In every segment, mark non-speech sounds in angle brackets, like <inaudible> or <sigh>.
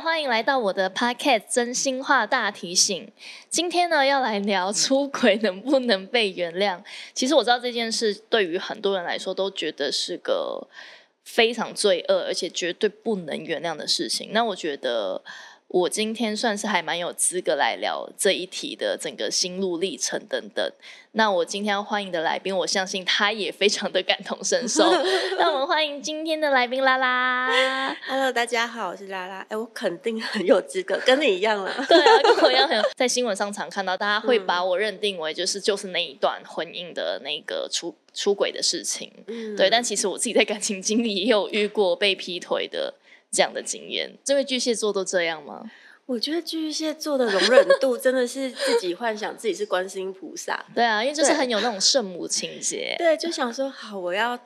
歡迎來到我的 podcast《真心話大提醒》。今天呢，要來聊出軌能不能被原諒。其實我知道這件事對於很多人來說，都覺得是個非常罪惡，而且絕對不能原諒的事情。那我覺得。我今天算是還蠻有資格來聊這一題的整個心路歷程等等。那我今天要歡迎的來賓，我相信他也非常的感同身受。 <laughs> 那我們歡迎今天的來賓拉拉、啊、！Hello，大家好，我是拉拉。哎、欸，我肯定很有資格跟你一樣了， <laughs> 對啊，跟我一樣很有在新聞上常看到大家會把我認定為就是就是那一段婚姻的那個出、出軌的事情，嗯、對。但其實我自己在感情經歷也有遇過被劈腿的。這樣的經驗，這位巨蟹座都這樣嗎？我覺得巨蟹座的容忍度真的是自己幻想自己是觀音菩薩， <laughs> 對啊，因為就是很有那種聖母情節，對，就想說好，我要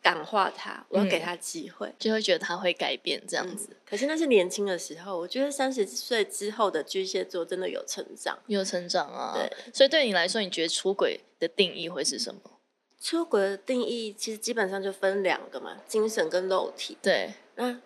感化他，我要給他機會、嗯，就會覺得他會改變這樣子、嗯。可是那是年輕的時候，我覺得三十歲之後的巨蟹座真的有成長，有成長啊。對，所以對你來說，你覺得出軌的定義會是什麼？出軌的定義其實基本上就分兩個嘛，精神跟肉體。對，那、啊。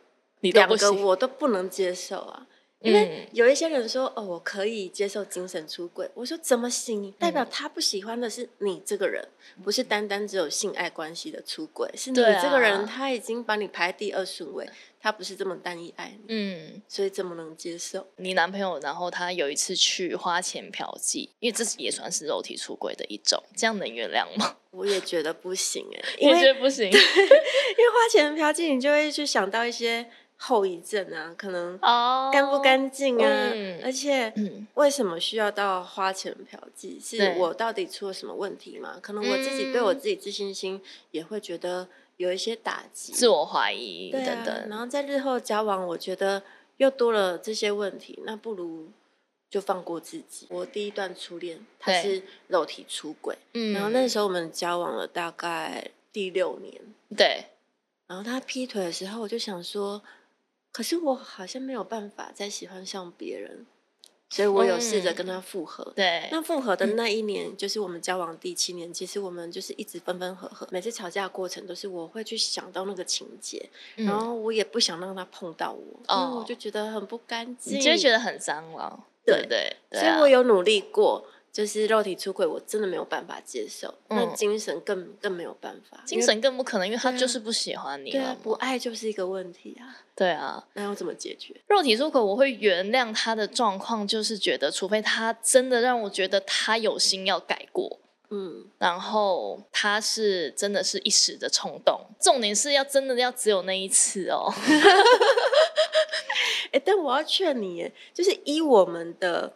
兩個我都不能接受啊，嗯、因為有一些人說哦，我可以接受精神出軌，我說怎麼行？代表他不喜歡的是你這個人，嗯、不是單單只有性愛關係的出軌，是你這個人他已經把你排第二順位，啊、他不是這麼單一愛你，嗯，所以怎麼能接受？你男朋友然後他有一次去花錢嫖妓，因為這是也算是肉體出軌的一種，這樣能原諒嗎？我也覺得不行哎、欸，我覺得不行，因為花錢嫖妓，你就會去想到一些。後遺症啊，可能乾不乾淨啊？Oh, um, 而且為什麼需要到花錢嫖妓？對是我到底出了什麼問題嘛？可能我自己對我自己自信心，也會覺得有一些打擊，自我懷疑等等。然後在日後交往，我覺得又多了這些問題，那不如就放過自己。我第一段初戀他是肉體出軌，對然後那時候我們交往了大概第六年，對。然後他劈腿的時候，我就想說。可是我好像沒有辦法再喜歡上別人，所以我有試着跟他復合，嗯。對，那復合的那一年，嗯、就是我們交往第七年。其實我們就是一直分分合合，每次吵架的過程都是我會去想到那個情節，嗯、然後我也不想讓他碰到我，哦，我就覺得很不乾淨，你就覺得很髒了，對對？對對啊，所以我有努力過。就是肉體出軌，我真的沒有辦法接受。嗯、那精神更更沒有辦法，精神更不可能，因為，因為他就是不喜歡你。啊，對啊，對、啊，不愛就是一個問題啊。對啊，那要怎麼解決？肉體出軌我會原諒他的狀況，就是覺得除非他真的讓我覺得他有心要改過，嗯，然後他是真的是一時的衝動，重點是要真的要只有那一次哦、喔。哎、 <laughs> 欸，但我要勸你，就是依我們的。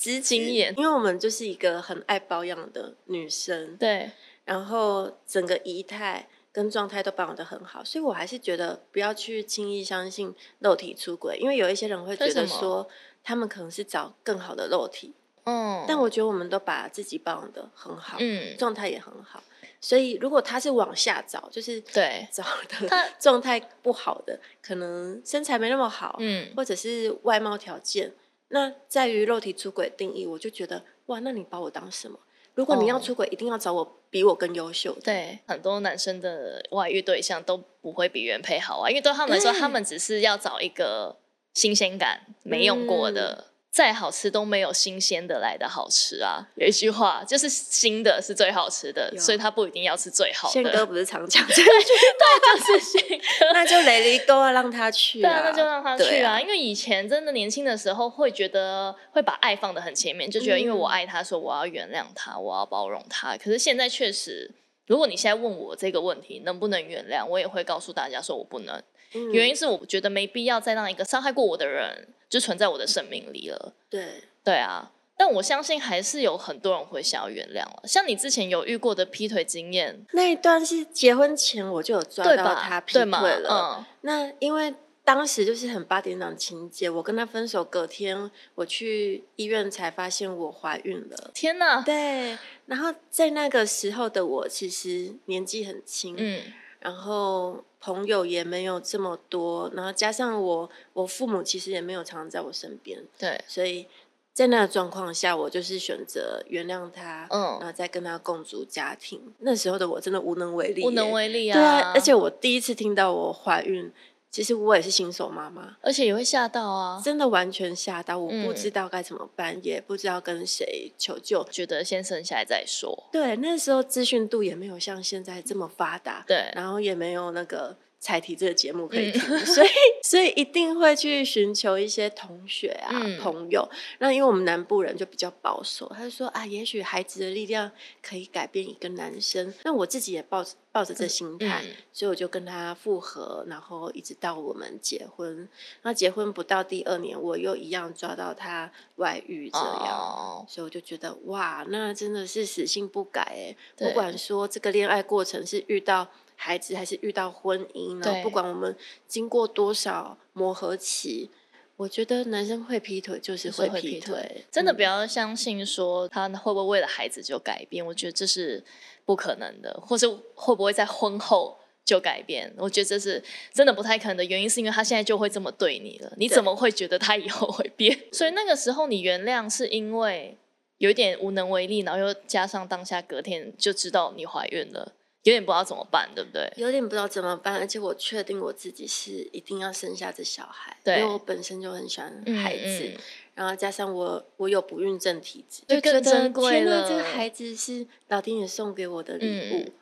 知性因為我們就是一個很愛保養的女生，對，然後整個儀態跟狀態都保養的很好，所以我還是覺得不要去輕易相信肉體出軌，因為有一些人會覺得說他們可能是找更好的肉體，嗯，但我覺得我們都把自己保養的很好，嗯，狀態也很好，所以如果他是往下找，就是找對找的，狀態不好的，可能身材沒那麼好，嗯，或者是外貌條件。那在於肉體出軌定義，我就覺得，哇，那你把我當什麼？如果你要出軌，哦、一定要找我比我更優秀的。對，，很多男生的外遇對象都不會比原配好啊，因為對他們來說，對他們只是要找一個新鮮感，沒用過的。嗯再好吃都沒有新鮮的來的好吃啊！有一句話就是新的是最好吃的。有所以他不一定要是最好的。憲哥不是常講，對 <laughs> 對， <laughs> 就是新。那就雷雷都要讓他去。啊，對啊，那就讓他去啊！啊，因為以前真的年輕的時候會覺得會把愛放的很前面，就覺得因為我愛他，說我要原諒他，我要包容他。嗯、可是現在確實，如果你現在問我這個問題能不能原諒，我也會告訴大家說我不能。嗯、原因是我覺得沒必要再讓一個傷害過我的人。就存在我的生命裡了，對對啊，但我相信還是有很多人會想要原諒了啊。像你之前有遇過的劈腿經驗，那一段是結婚前我就有抓到他劈腿了。嗯，那因為當時就是很八點檔情節，我跟他分手，隔天我去醫院才發現我懷孕了。天哪！對，然後在那個時候的我其實年紀很輕，嗯，然後。朋友也沒有這麼多，然後加上我，我父母其實也沒有常常在我身邊。對，所以在那個狀況下，我就是選擇原諒他，嗯，然後再跟他共組家庭。那時候的我真的無能為力欸，無能為力啊！對啊，而且我第一次聽到我懷孕。其實我也是新手媽媽，而且也會嚇到啊！真的完全嚇到，我不知道該怎麼辦，嗯，也不知道跟誰求救，覺得先生下來再說。對，那時候資訊度也沒有像現在這麼發達，對，嗯，然後也沒有那個。才提這個節目可以聽，嗯、所以所以一定會去尋求一些同學啊、嗯、朋友。那因為我們南部人就比較保守，他就說啊，也許孩子的力量可以改變一個男生。那我自己也抱着抱着這心態，嗯、所以我就跟他復合，然後一直到我們結婚。那結婚不到第二年，我又一樣抓到他外遇這樣，哦、所以我就覺得哇，那真的是死性不改哎、欸。對不管說這個戀愛過程是遇到。孩子還是遇到婚姻呢？不管我們經過多少磨合期，對我覺得男生會劈腿就是會劈腿，劈腿嗯、真的不要相信說他會不會為了孩子就改變。我覺得這是不可能的，或是會不會在婚後就改變？我覺得這是真的不太可能的原因，是因為他現在就會這麼對你了，你怎麼會覺得他以後會變？對 <laughs> 所以那個時候你原諒是因為有一點無能為力，然後又加上當下隔天就知道你懷孕了。有點不知道怎麼辦，對不對？有點不知道怎麼辦，而且我確定我自己是一定要生下這小孩，對因為我本身就很喜歡孩子，嗯嗯、然後加上我我有不孕症體質，就更珍貴了，天哪。這個孩子是老天爺送給我的禮物。嗯、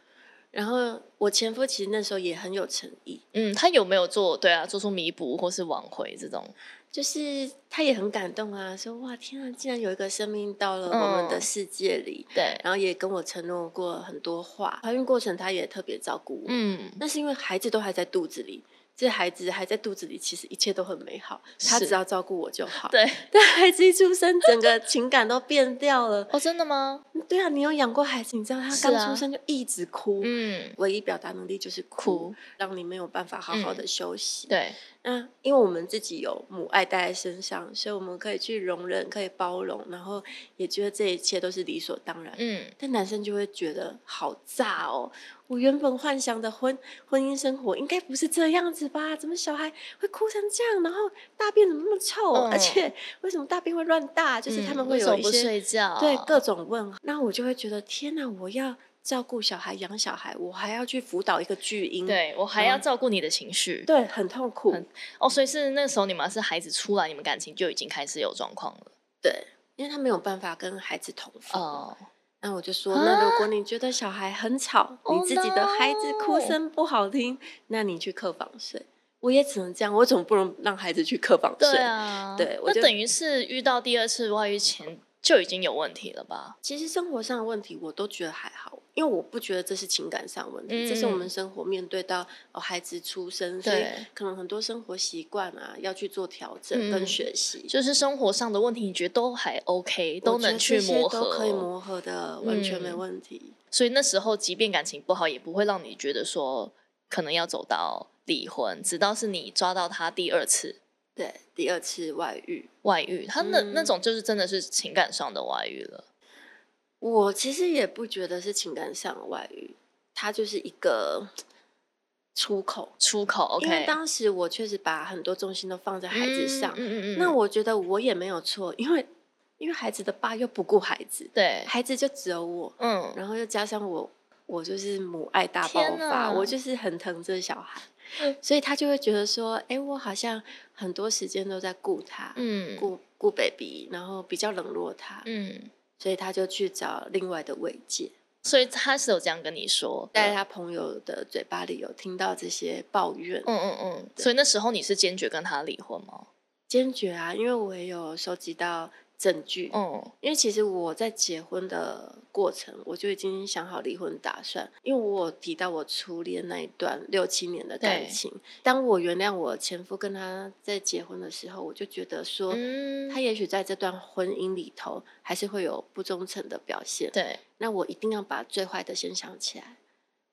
然後我前夫其實那時候也很有誠意，嗯，他有沒有做對啊？做出彌補或是挽回這種？就是他也很感動啊，說哇天啊，竟然有一個生命到了我們的世界裡，嗯、對，然後也跟我承諾過很多話，懷孕過程他也特別照顧我，嗯，但是因為孩子都還在肚子裡。這孩子還在肚子裡，其實一切都很美好，是他只要照顧我就好。對，但孩子一出生，整個情感都變掉了。哦， <laughs> oh, 真的嗎？對啊，你有養過孩子，你知道他剛出生就一直哭，啊、嗯，唯一表達能力就是哭，哭讓你沒有辦法好好的休息。嗯、對，那因為我們自己有母愛帶在身上，所以我們可以去容忍，可以包容，然後也覺得這一切都是理所當然。嗯，但男生就會覺得好炸哦。我原本幻想的婚婚姻生活應該不是這樣子吧？怎麼小孩會哭成這樣？然後大便怎麼那麼臭？嗯、而且為什麼大便會亂大？就是他們會有一些、嗯、不睡覺，對各種問號。那我就會覺得天哪、啊！我要照顧小孩、養小孩，我還要去輔導一個巨嬰，對，我還要照顧你的情緒、嗯，對，很痛苦很哦。所以是那時候，你們是孩子出來，你們感情就已經開始有狀況了。對，因為他沒有辦法跟孩子同房。哦那我就說，那如果你覺得小孩很吵，啊、你自己的孩子哭聲不好聽，oh, no. 那你去客房睡。我也只能這樣，我總不能讓孩子去客房睡。對啊，對，我就那等於是遇到第二次外遇前就已經有問題了吧？嗯、其實生活上的問題我都覺得還好。因為我不覺得這是情感上問題，嗯、這是我們生活面對到孩子出生，對所以可能很多生活習慣啊要去做調整跟學習，嗯，就是生活上的問題，你覺得都還 OK，都能去磨合，都可以磨合的完全沒問題。嗯、所以那時候，即便感情不好，也不會讓你覺得說可能要走到離婚，直到是你抓到他第二次，對，第二次外遇，外遇，嗯、他那，那種就是真的是情感上的外遇了。我其實也不覺得是情感上的外遇，他就是一個出口，出口。Okay。因為當時我確實把很多重心都放在孩子上，嗯，嗯，嗯，那我覺得我也沒有錯，因為因為孩子的爸又不顧孩子，對，孩子就只有我，嗯，然後又加上我，我就是母愛大爆發，天哪。我就是很疼這小孩，所以他就會覺得說，哎、欸，我好像很多時間都在顧他，嗯，顧顧 baby，然後比較冷落他，嗯。所以他就去找另外的慰藉，所以他是有這樣跟你說，嗯、對在他朋友的嘴巴裡有聽到這些抱怨，嗯嗯嗯。對所以那時候你是堅決跟他離婚嗎？堅決啊，因為我也有收集到。證據，因為其實我在結婚的過程，我就已經想好離婚打算。因為我有提到我初戀那一段六七年的感情，對當我原諒我前夫跟他在結婚的時候，我就覺得說，嗯、他也許在這段婚姻裡頭還是會有不忠誠的表現。對，那我一定要把最壞的先想起來，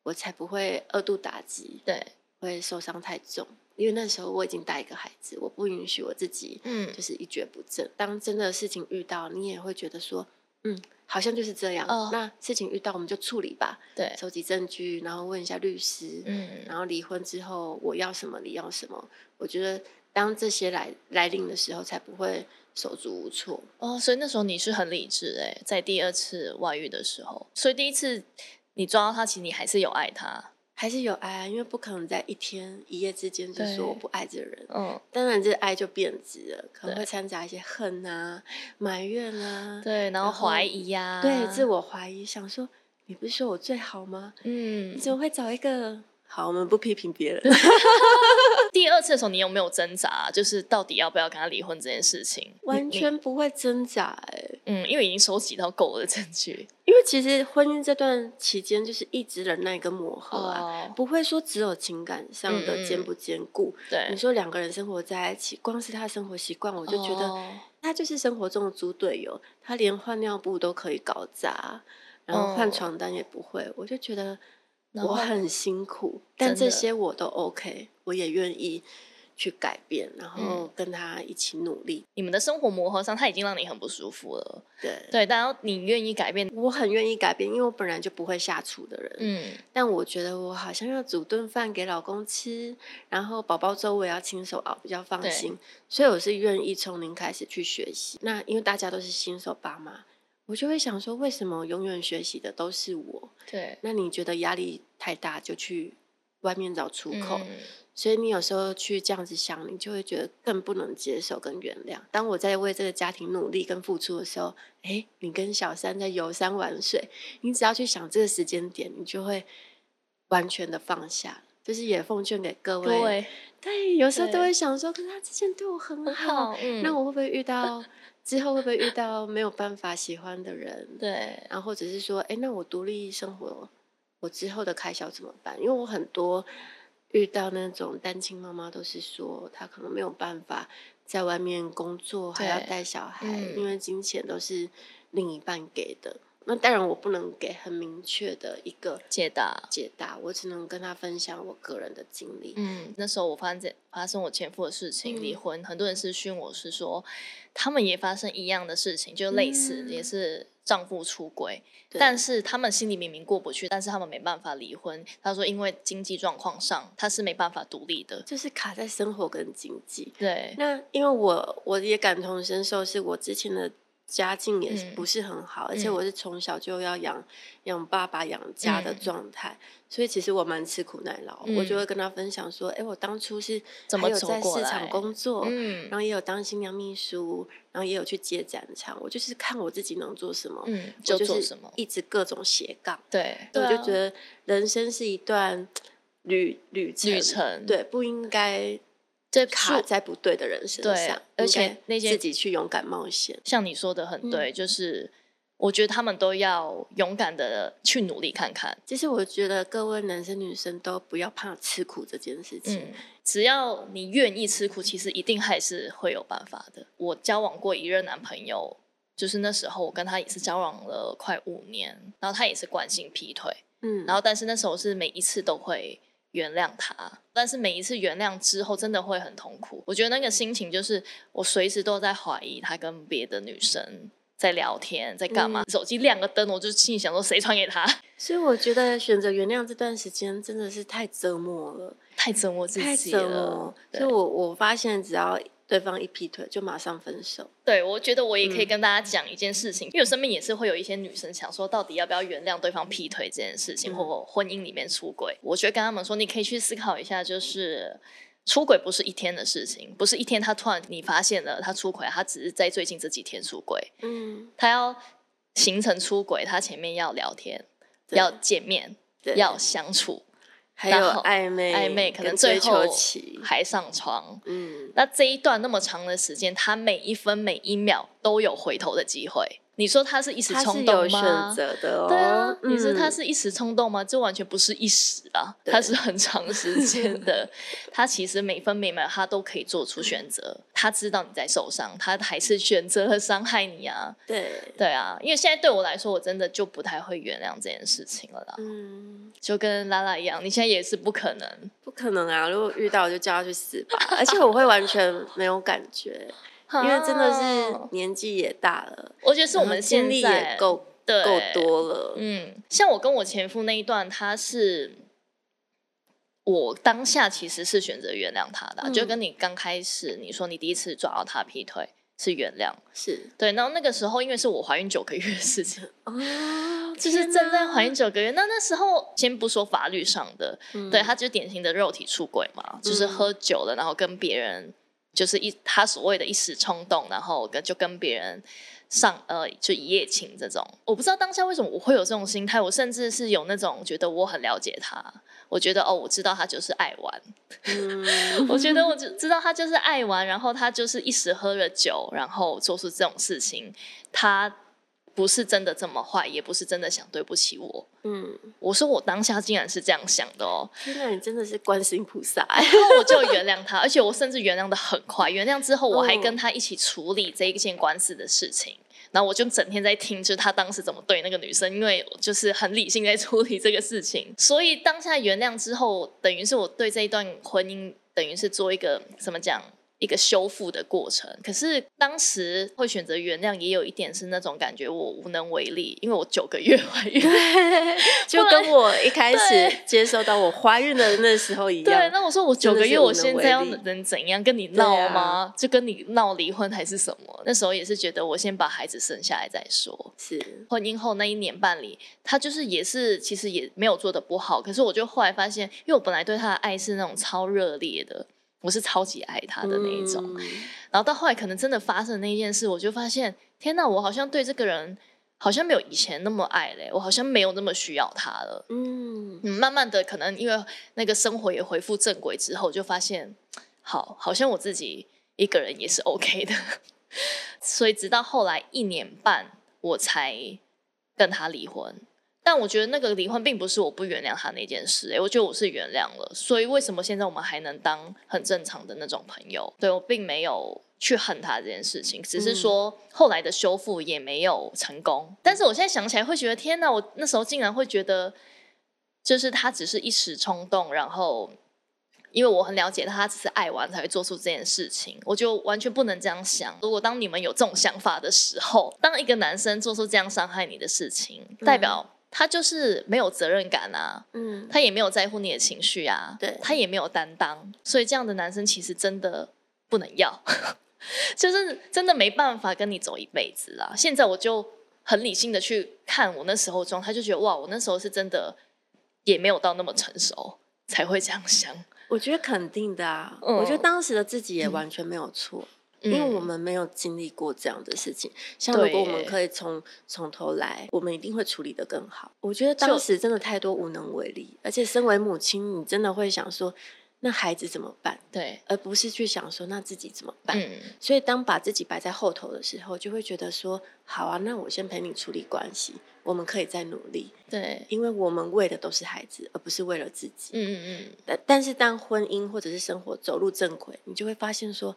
我才不會過度打擊，對，會受傷太重。因為那時候我已經帶一個孩子，我不允許我自己，嗯，就是一蹶不振。嗯、當真的事情遇到，你也會覺得說，嗯，好像就是這樣。呃、那事情遇到，我們就處理吧，對，收集證據，然後問一下律師，嗯，然後離婚之後我要什麼，你要什麼。我覺得當這些來來臨的時候，才不會手足無措。哦，所以那時候你是很理智哎、欸，在第二次外遇的時候，所以第一次你抓到他，其實你還是有愛他。還是有愛啊，因為不可能在一天一夜之間就說我不愛這個人。嗯，當然這愛就變質了，可能會摻雜一些恨啊、埋怨啊，對，然後懷疑啊，對，自我懷疑，想說你不是說我最好嗎？嗯，你怎麼會找一個？好，我們不批評別人。 <laughs> <laughs> 第二次的時候，你有沒有掙扎啊？就是到底要不要跟他離婚這件事情，完全不會掙扎欸。哎，嗯，因為已經收集到夠的證據。因為其實婚姻這段期間，就是一直忍耐跟磨合啊，oh. 不會說只有情感上的堅不堅固。對，mm. 你說兩個人生活在一起，光是他的生活習慣，我就覺得他就是生活中的豬隊友。Oh. 他連換尿布都可以搞砸，然後換床單也不會，oh. 我就覺得。我很辛苦，但這些我都 OK，的我也願意去改變，然後跟他一起努力。嗯、你們的生活磨合上，他已經讓你很不舒服了。對對，然後你願意改變，我很願意改變，因為我本來就不會下廚的人。嗯，但我覺得我好像要煮頓飯給老公吃，然後寶寶粥我也要親手熬，比較放心。對所以我是願意從零開始去學習。那因為大家都是新手爸媽，我就會想說，為什麼永遠學習的都是我？對，那你覺得壓力？太大就去外面找出口，嗯、所以你有時候去這樣子想，你就會覺得更不能接受，跟原諒。當我在為這個家庭努力跟付出的時候，哎、欸，你跟小三在遊山玩水，你只要去想這個時間點，你就會完全的放下。就是也奉勸給各位，對，對，有時候都會想說，對可是他之前對我很好，好嗯、那我會不會遇到 <laughs> 之後會不會遇到沒有辦法喜歡的人？對，然後或者是說，哎、欸，那我獨立生活。我之後的開銷怎麼辦？因為我很多遇到那種單親媽媽，都是說她可能沒有辦法在外面工作，還要帶小孩，嗯、因為金錢都是另一半給的。那當然我不能給很明確的一個解答解答，我只能跟她分享我個人的經歷。嗯，那時候我發現發生我前夫的事情，離婚，嗯、很多人私訊我是說他們也發生一樣的事情，就類似也是。嗯丈夫出軌，對但是他們心裡明明過不去，但是他們沒辦法離婚。他說，因為經濟狀況上，他是沒辦法獨立的，就是卡在生活跟經濟。對，那因為我我也感同身受，是我之前的。家境也不是很好，嗯、而且我是從小就要養養爸爸養家的狀態，嗯、所以其實我蠻吃苦耐勞。嗯、我就會跟他分享說，哎、欸，我當初是怎麼走過？還有在市場工作，嗯、然後也有當新娘秘書，然後也有去接展場。我就是看我自己能做什麼，嗯，我就，是就做什麼，一直各種斜槓。對，我就覺得人生是一段旅旅旅程，旅程對，不應該。卡在不對的人身上，對，而且那些自己去勇敢冒險。像你說的很對，嗯、就是我覺得他們都要勇敢的去努力看看。其實我覺得各位男生女生都不要怕吃苦這件事情，嗯、只要你願意吃苦，其實一定還是會有辦法的。我交往過一任男朋友，就是那時候我跟他也是交往了快五年，然後他也是慣性劈腿，嗯，然後但是那時候是每一次都會。原諒他，但是每一次原諒之後，真的會很痛苦。我覺得那個心情就是，我隨時都在懷疑他跟別的女生在聊天，在幹嘛。嗯、手機亮個燈，我就心裡想說誰傳給他。所以我覺得選擇原諒這段時間真的是太折磨了，太折磨自己了。所以我我發現，只要。對方一劈腿就馬上分手，對，對，我覺得我也可以跟大家講一件事情，嗯、因為我身邊也是會有一些女生想說，到底要不要原諒對方劈腿這件事情，嗯、或者婚姻裡面出軌。我覺得跟他們說，你可以去思考一下，就是、嗯、出軌不是一天的事情，不是一天他突然你發現了他出軌，他只是在最近這幾天出軌。嗯，他要形成出軌，他前面要聊天，對要見面，對要相處。還有曖昧曖昧，可能最後還上床。嗯，那這一段那麼長的時間，他每一分每一秒都有回頭的機會。你說他是一時衝動嗎？他是有選擇的哦。對啊，嗯、你說他是一時衝動嗎？這完全不是一時啊，對他是很長時間的。 <laughs> 他其實每分每秒他都可以做出選擇，他知道你在受傷，他還是選擇了傷害你啊。對對啊，因為現在對我來說，我真的就不太會原諒這件事情了啦。嗯，就跟拉拉一樣，你現在也是不可能，不可能啊！如果遇到我就叫他去死吧， <laughs> 而且我會完全沒有感覺。因為真的是年紀也大了，我覺得是我們現在也夠對夠多了。嗯，像我跟我前夫那一段，他是我當下其實是選擇原諒他的，嗯、就跟你剛開始你說你第一次抓到他劈腿是原諒，是對。然後那個時候因為是我懷孕九個月的事情，哦，就是正在懷孕九個月，哪那那時候先不說法律上的，嗯、對他就是典型的肉體出軌嘛，嗯、就是喝酒了然後跟別人。就是一他所謂的一時衝動，然後跟就跟別人上呃就一夜情這種，我不知道當下為什麼我會有這種心態，我甚至是有那種覺得我很了解他，我覺得哦，我知道他就是愛玩， <laughs> 我覺得我就知道他就是愛玩，然後他就是一時喝了酒，然後做出這種事情，他。不是真的這麼壞，也不是真的想對不起我。嗯，我說我當下竟然是這樣想的哦、喔，那你真的是觀世音菩薩， <laughs> 然後我就原諒他，而且我甚至原諒得很快。原諒之後，我還跟他一起處理這一件官司的事情。哦、然後我就整天在聽，就是他當時怎麼對那個女生，因為就是很理性在處理這個事情。所以當下原諒之後，等於是我對這一段婚姻，等於是做一個怎麼講？一個修復的過程，可是當時會選擇原諒，也有一點是那種感覺，我無能為力，因為我九個月懷孕， <laughs> <laughs> 就跟我一開始接受到我懷孕的那時候一樣。 <laughs> 對，那我說我九個月，我現在要能怎樣跟你鬧嗎？啊、就跟你鬧離婚還是什麼？那時候也是覺得我先把孩子生下來再說。是，婚姻後那一年半裡，他就是也是其實也沒有做得不好，可是我就後來發現，因為我本來對他的愛是那種超熱烈的。我是超級愛他的那一種，嗯、然後到後來可能真的發生那一件事，我就發現，天哪，我好像對這個人好像沒有以前那麼愛嘞，我好像沒有那麼需要他了。嗯，嗯，慢慢的，可能因為那個生活也恢復正軌之後，就發現，好，好像我自己一個人也是 OK 的。 <laughs> 所以直到後來一年半，我才跟他離婚。但我覺得那個離婚並不是我不原諒他那件事，欸，哎，我覺得我是原諒了，所以為什麼現在我們還能當很正常的那種朋友？對，我並沒有去恨他這件事情，只是說後來的修復也沒有成功。嗯、但是我現在想起來會覺得，天哪！我那時候竟然會覺得，就是他只是一時衝動，然後因為我很了解他，他只是愛玩才會做出這件事情。我就完全不能這樣想。如果當你們有這種想法的時候，當一個男生做出這樣傷害你的事情，嗯、代表。他就是沒有責任感啊，嗯，他也沒有在乎你的情緒啊，對，他也沒有擔當，所以這樣的男生其實真的不能要， <laughs> 就是真的沒辦法跟你走一輩子啦。現在我就很理性的去看我那時候裝，他就覺得哇，我那時候是真的也沒有到那麼成熟才會這樣想。我覺得肯定的啊，嗯，我覺得當時的自己也完全沒有錯。嗯因為我們沒有經歷過這樣的事情，嗯、像如果我們可以從、欸、從頭來，我們一定會處理得更好。我覺得當時真的太多無能為力，就而且身為母親，你真的會想說，那孩子怎麼辦？對，而不是去想說那自己怎麼辦。嗯、所以當把自己擺在後頭的時候，就會覺得說，好啊，那我先陪你處理關係，我們可以再努力。對，因為我們為的都是孩子，而不是為了自己。嗯嗯。但但是當婚姻或者是生活走入正軌，你就會發現說。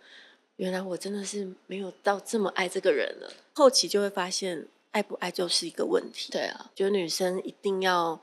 原來我真的是沒有到這麼愛這個人了。後期就會發現，愛不愛就是一個問題。對啊，覺得女生一定要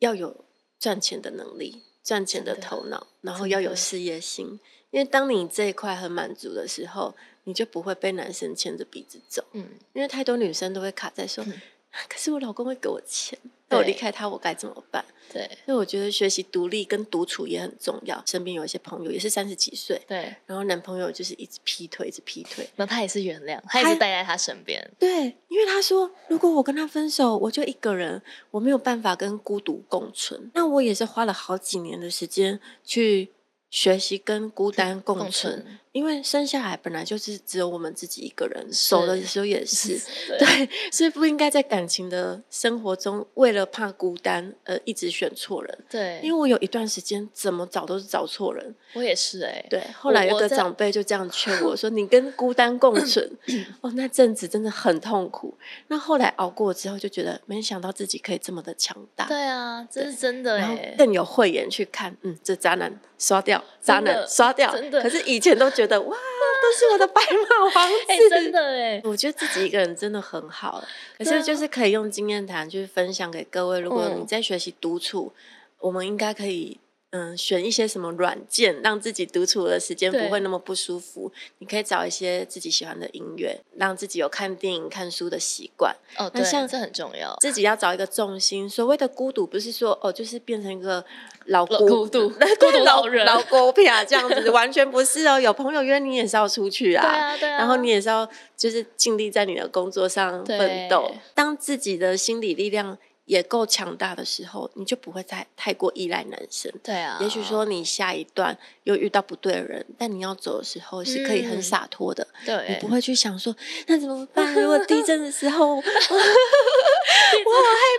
要有賺錢的能力、賺錢的頭腦，對然後要有事業心，對因為當你這一塊很滿足的時候，你就不會被男生牽着鼻子走。嗯，因為太多女生都會卡在說。嗯可是我老公會給我錢，那對我離開他，我該怎麼辦？對，所以我覺得學習獨立跟獨處也很重要。身邊有一些朋友也是三十幾歲，對，然後男朋友就是一直劈腿，一直劈腿，那他也是原諒，他一直待在他身邊。對，因為他說如果我跟他分手，我就一個人，我沒有辦法跟孤獨共存。那我也是花了好幾年的時間去。學習跟孤單共存，嗯、共存，因為生下來本來就是只有我們自己一個人，走是的時候也是，是是對，對，所以不應該在感情的生活中為了怕孤單，而一直選錯人。對，因為我有一段時間怎麼找都是找錯人，我也是哎、欸，對。後來有個長輩就這樣勸我說：“我是你跟孤單共存。” <laughs> 哦，那陣子真的很痛苦。那後來熬過之後，就覺得沒想到自己可以這麼的強大。對啊，這是真的、欸、然後更有慧眼去看，嗯，這渣男刷掉。渣男刷掉，可是以前都覺得哇，都是我的白馬王子。 <laughs> 欸、真的哎，我覺得自己一個人真的很好，可是就是可以用經驗談去分享給各位。如果你在學習獨處，嗯、我們應該可以。嗯，選一些什麼軟件，讓自己獨處的時間不會那麼不舒服。對你可以找一些自己喜歡的音樂，讓自己有看電影、看書的習慣。哦，對，這樣很重要。自己要找一個重心。所謂的孤獨，不是說哦，就是變成一個老孤獨、孤獨 <laughs> 對老人、老,老孤僻啊，這樣子 <laughs> 完全不是哦。有朋友約你也是要出去啊，對啊對啊然後你也是要就是盡力在你的工作上奮鬥。對當自己的心理力量。也夠強大的時候，你就不會再太過依賴男生。對啊，也許說你下一段又遇到不對的人，但你要走的時候是可以很灑脫的。對、嗯，你不會去想說、欸、那怎麼辦？ <laughs> 如果地震的時候，我好害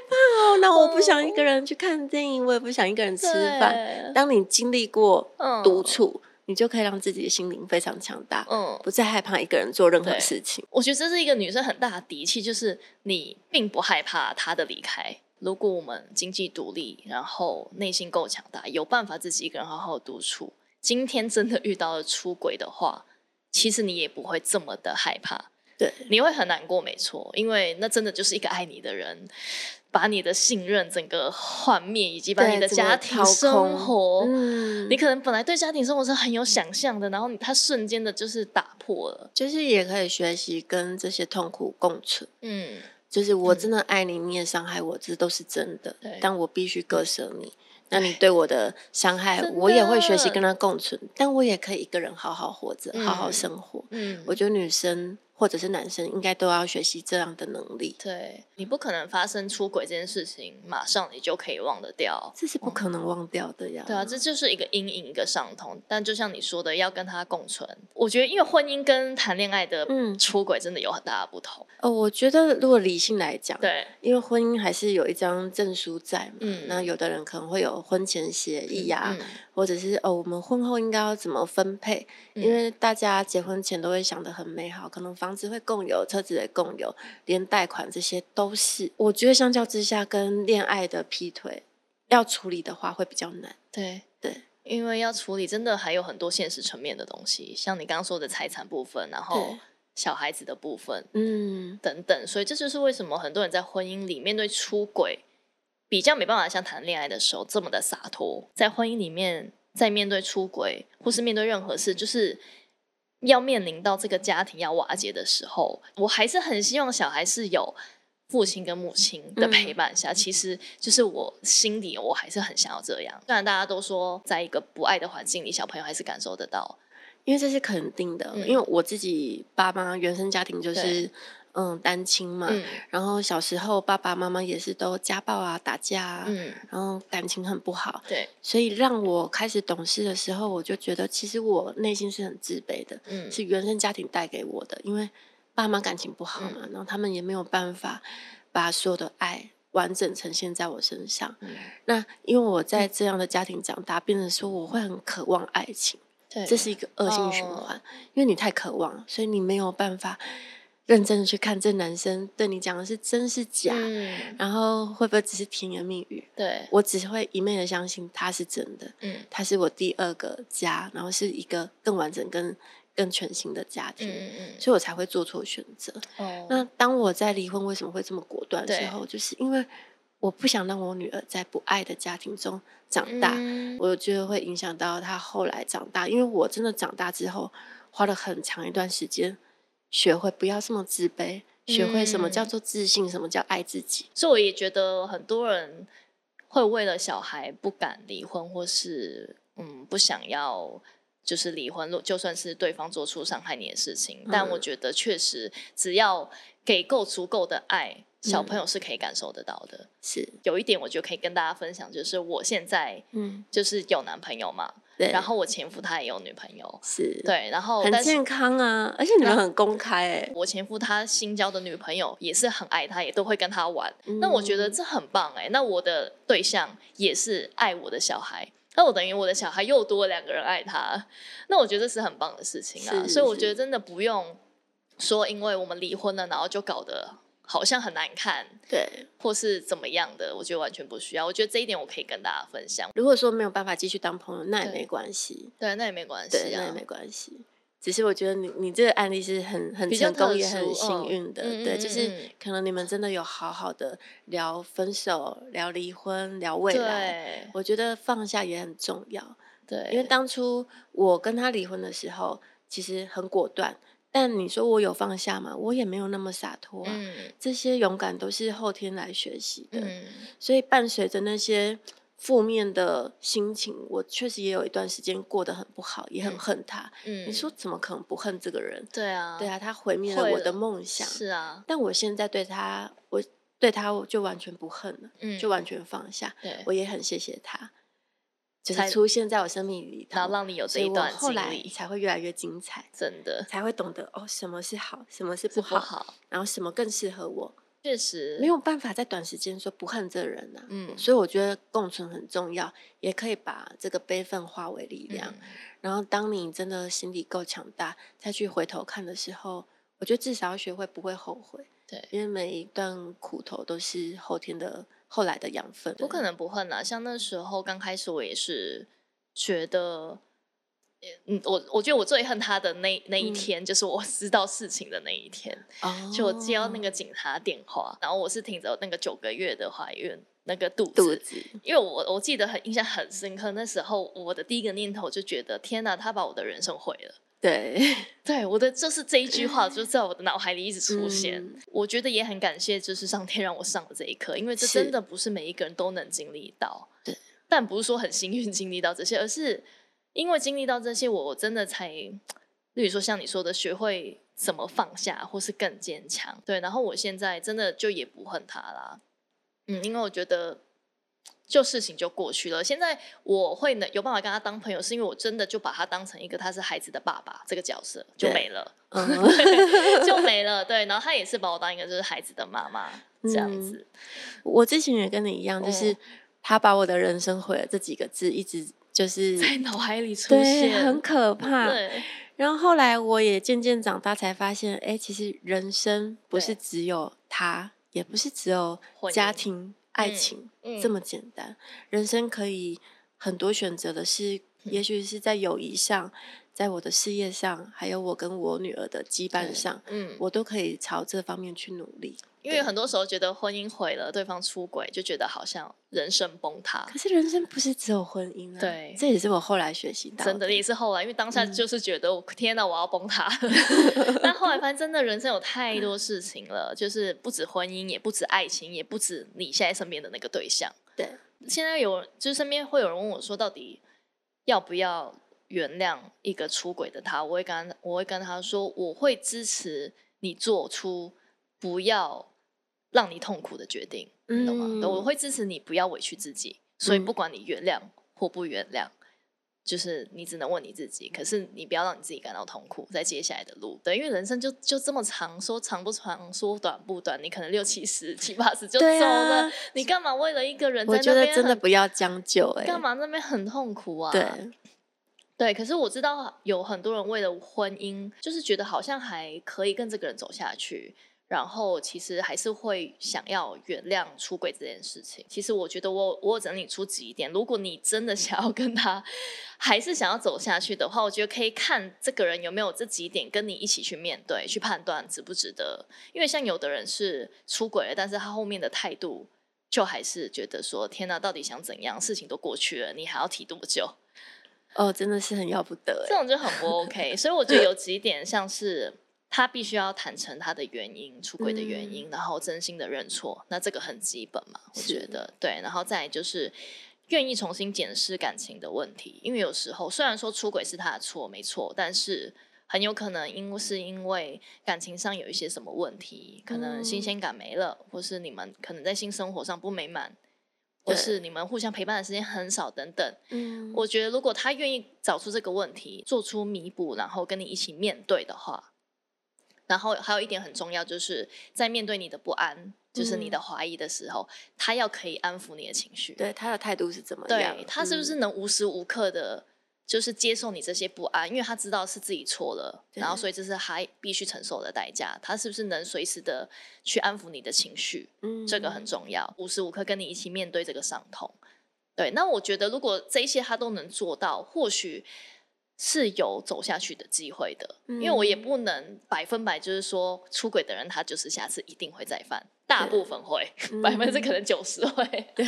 怕哦、喔！那我不想一個人去看電影，嗯、我也不想一個人吃飯。對當你經歷過獨處。嗯你就可以讓自己的心靈非常強大，嗯，不再害怕一個人做任何事情。我覺得這是一個女生很大的底氣，就是你並不害怕她的離開。如果我們經濟獨立，然後內心夠強大，有辦法自己一個人好好獨處，今天真的遇到了出軌的話，其實你也不會這麼的害怕。對，你會很難過，沒錯，因為那真的就是一個愛你的人。把你的信任，整個幻滅，以及把你的家庭生活，你可能本來對家庭生活是很有想象的，然後他瞬間的就是打破了。就是也可以學習跟這些痛苦共存。嗯，就是我真的愛你，你也傷害我，這都是真的。但我必須割舍你。那你對我的傷害，我也會學習跟他共存。但我也可以一個人好好活着，好好生活。嗯，我覺得女生。或者是男生應該都要學習這樣的能力，對，你不可能發生出軌這件事情，馬上你就可以忘得掉，這是不可能忘掉的呀。嗯、對啊，這就是一個陰影，一個傷痛。但就像你說的，要跟他共存。我覺得因為婚姻跟談戀愛的出軌真的有很大的不同。嗯。哦，我覺得如果理性來講，對，因為婚姻還是有一張證書在嘛，那、嗯、有的人可能會有婚前協議呀、啊。嗯嗯或者是哦，我們婚後應該要怎麼分配？因為大家結婚前都會想得很美好，可能房子會共有，車子也共有，連貸款這些都是。我覺得相較之下，跟戀愛的劈腿要處理的話會比較難。對對，對，因為要處理真的還有很多現實層面的東西，像你剛剛說的財產部分，然後小孩子的部分，嗯對，等等。所以這就是為什麼很多人在婚姻裡面，面對出軌。比較沒辦法像談戀愛的時候這麼的灑脫，在婚姻裡面，在面對出軌或是面對任何事，就是要面臨到這個家庭要瓦解的時候，我還是很希望小孩是有父親跟母親的陪伴下。嗯、其實就是我心底我還是很想要這樣。雖然大家都說，在一個不愛的環境裡，小朋友還是感受得到，因為這是肯定的。嗯、因為我自己爸媽原生家庭就是。嗯，單親嘛，嗯、然後小時候爸爸媽媽也是都家暴啊，打架啊，嗯、然後感情很不好，對，所以讓我開始懂事的時候，我就覺得其實我內心是很自卑的，嗯、是原生家庭帶給我的，因為爸媽感情不好嘛，嗯、然後他們也沒有辦法把所有的愛完整呈現在我身上。嗯、那因為我在這樣的家庭長大，嗯、變成說我會很渴望愛情，對，這是一個惡性循環，哦、因為你太渴望，所以你沒有辦法。認真的去看，這男生對你講的是真是假，嗯、然後會不會只是甜言蜜語？對，我只會一昧的相信他是真的，嗯，他是我第二個家，然後是一個更完整更、更更全新的家庭，嗯，嗯，所以我才會做錯選擇。哦、那當我在離婚為什麼會這麼果斷的時候，對就是因為我不想讓我女兒在不愛的家庭中長大，嗯、我覺得會影響到她後來長大，因為我真的長大之後花了很長一段時間。學會不要這麼自卑，學會什麼叫做自信，嗯、什麼叫愛自己。所以我也覺得很多人會為了小孩不敢離婚，或是嗯不想要。就是離婚，就算是對方做出傷害你的事情，嗯、但我覺得確實，只要給夠足夠的愛，嗯、小朋友是可以感受得到的。是，有一點我就可以跟大家分享，就是我現在，嗯，就是有男朋友嘛，對然後我前夫他也有女朋友，是對，然後很健康啊，而且你們很公開哎、欸啊。我前夫他新交的女朋友也是很愛他，也都會跟他玩。嗯、那我覺得這很棒哎、欸。那我的對象也是愛我的小孩。那我等於我的小孩又多兩個人愛他，那我覺得這是很棒的事情啊。是是是，所以我覺得真的不用說，因為我們離婚了，然後就搞得好像很難看，對，或是怎麼樣的，我覺得完全不需要。我覺得這一點我可以跟大家分享。如果說沒有辦法繼續當朋友，那也沒關係，對，那也沒關係啊，那也沒關係。只是我覺得你你這個案例是很很成功也很幸運的，嗯、對，就是可能你們真的有好好的聊分手、聊離婚、聊未來。對我覺得放下也很重要，對，因為當初我跟他離婚的時候，其實很果斷，但你說我有放下嗎？我也沒有那麼灑脫、啊，嗯、這些勇敢都是後天來學習的，嗯、所以伴隨着那些。負面的心情，我確實也有一段時間過得很不好，也很恨他。嗯，你說怎麼可能不恨這個人？對啊，對啊，他毀滅了我的夢想。是啊，但我現在對他，我對他就完全不恨了，嗯，就完全放下。對，我也很謝謝他，就是出現在我生命裡，然後讓你有這一段經歷，後來才會越來越精彩。真的，才會懂得哦，什麼是好，什麼是不好，不好然後什麼更適合我。確實沒有辦法在短時間說不恨這人吶、啊，嗯，所以我覺得共存很重要，也可以把這個悲憤化為力量。嗯、然後當你真的心裡夠強大，再去回頭看的時候，我覺得至少要學會不會後悔。對，因為每一段苦頭都是後天的後來的養分。不可能不恨啦、啊，像那時候剛開始我也是覺得。嗯，我我覺得我最恨他的那那一天，嗯、就是我知道事情的那一天，嗯、就接到那個警察電話，然後我是挺着那個九個月的懷孕那個肚子，肚子因為我我記得很印象很深刻，那時候我的第一個念頭就覺得天哪、啊，他把我的人生毀了。對，對，我的就是這一句話對就在我的腦海裡一直出現。嗯、我覺得也很感謝，就是上天讓我上了這一課，因為這真的不是每一個人都能經歷到。對是，但不是說很幸運經歷到這些，而是。因為經歷到這些，我我真的才，例如說像你說的，學會怎麼放下，或是更堅強。對，然後我現在真的就也不恨他啦。嗯，因為我覺得就事情就過去了。現在我會能有辦法跟他當朋友，是因為我真的就把他當成一個他是孩子的爸爸對這個角色就沒了，嗯、 <laughs> 就沒了。對，然後他也是把我當一個就是孩子的媽媽、嗯、這樣子。我之前也跟你一樣，就是他把我的人生毀了這幾個字一直。就是在腦海裡出現，很可怕。對然後後來我也漸漸長大，才發現，哎，其實人生不是只有他，對也不是只有家庭、 <noise> 愛情、嗯嗯、這麼簡單。人生可以很多選擇的，是，嗯、也許是在友誼上，在我的事業上，還有我跟我女兒的羈絆上，嗯、我都可以朝這方面去努力。因為很多時候覺得婚姻毀了，對方出軌就覺得好像人生崩塌。可是人生不是只有婚姻啊。對，這也是我後來學習到，真的也是後來，因為當下就是覺得我、嗯、天哪，我要崩塌。 <laughs> <laughs> 但後來發現，真的人生有太多事情了，嗯、就是不止婚姻，也不止愛情，也不止你現在身邊的那個對象。對，現在有就是身邊會有人問我說，到底要不要原諒一個出軌的他？我會跟他我會跟他說，我會支持你做出不要讓你痛苦的決定，嗯、懂嗎？我會支持你，不要委屈自己。所以，不管你原諒或不原諒，嗯、就是你只能問你自己。可是，你不要讓你自己感到痛苦，在接下來的路。對，因為人生就就這麼長，說長不長，說短不短，你可能六七十、七八十就走了。啊、你幹嘛為了一個人在那邊？我覺得真的不要將就、欸，哎，幹嘛那邊很痛苦啊？對，對。可是我知道有很多人為了婚姻，就是覺得好像還可以跟這個人走下去，然後其實還是會想要原諒出軌這件事情。其實我覺得我我整理出幾點，如果你真的想要跟他，還是想要走下去的話，我覺得可以看這個人有沒有這幾點跟你一起去面對、去判斷值不值得。因為像有的人是出軌了，但是他後面的態度就還是覺得說：“天哪，到底想怎樣？事情都過去了，你還要提多久？”哦，真的是很要不得，這種就很不 OK。所以我覺得有幾點像是。他必須要坦誠他的原因，出軌的原因，嗯、然後真心的認錯。那這個很基本嘛，是我覺得對。然後再就是願意重新檢視感情的問題，因為有時候雖然說出軌是他的錯沒錯，但是很有可能因為是因為感情上有一些什麼問題，可能新鮮感沒了，嗯、或是你們可能在性生活上不美滿，對或是你們互相陪伴的時間很少等等。嗯，我覺得如果他願意找出這個問題，做出彌補，然後跟你一起面對的話。然後還有一點很重要，就是在面對你的不安，嗯、就是你的懷疑的時候，他要可以安撫你的情緒。對，他的態度是怎麼樣？對，他是不是能無時無刻的，就是接受你這些不安？嗯、因為他知道是自己錯了，對然後所以這是他必須承受的代價。他是不是能隨時的去安撫你的情緒？嗯，這個很重要。無時無刻跟你一起面對這個傷痛。對，那我覺得如果這些他都能做到，或許。是有走下去的機會的，嗯。因為我也不能百分百就是說出軌的人，他就是下次一定會再犯。大部分會，嗯、百分之可能九十會，對，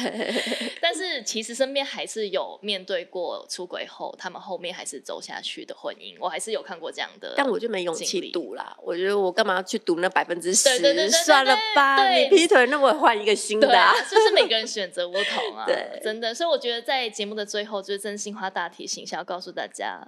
但是其實身邊還是有面對過出軌後，他們後面還是走下去的婚姻，我還是有看過這樣的。但我就沒勇氣賭啦，我覺得我幹嘛要去賭那百分之十？對對對對，算了吧，對你劈腿那麼換一個新的、啊。就是每個人選擇不同啊，對，真的。所以我覺得在節目的最後，就是真心話大提醒，想要告訴大家，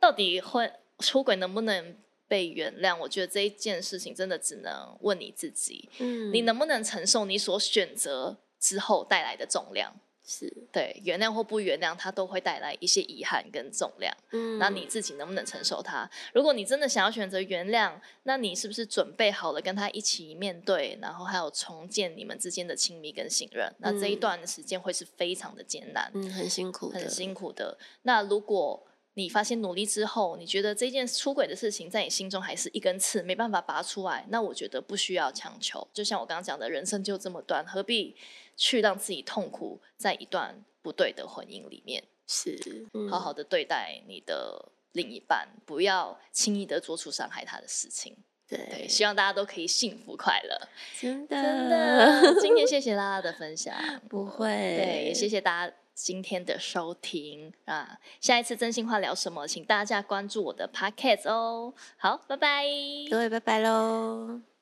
到底婚出軌能不能？被原諒，我覺得這一件事情真的只能問你自己。嗯，你能不能承受你所選擇之後帶來的重量？是對原諒或不原諒，它都會帶來一些遺憾跟重量。嗯，那你自己能不能承受它？如果你真的想要選擇原諒，那你是不是準備好了跟他一起面對？然後還有重建你們之間的親密跟信任？嗯，那這一段時間會是非常的艱難，嗯，很辛苦的，很辛苦的。那如果你發現努力之後，你覺得這件出軌的事情在你心中還是一根刺，沒辦法拔出來。那我覺得不需要強求。就像我剛剛講的，人生就這麼短，何必去讓自己痛苦在一段不對的婚姻裡面？是，嗯、好好的對待你的另一半，不要輕易的做出傷害他的事情。對，對，希望大家都可以幸福快樂。真的，真的，今天謝謝拉拉的分享， <laughs> 不會。對，也謝謝大家。今天的收聽啊，下一次真心話聊什麼，請大家關注我的 podcast 哦！好，拜拜，各位拜拜嘍。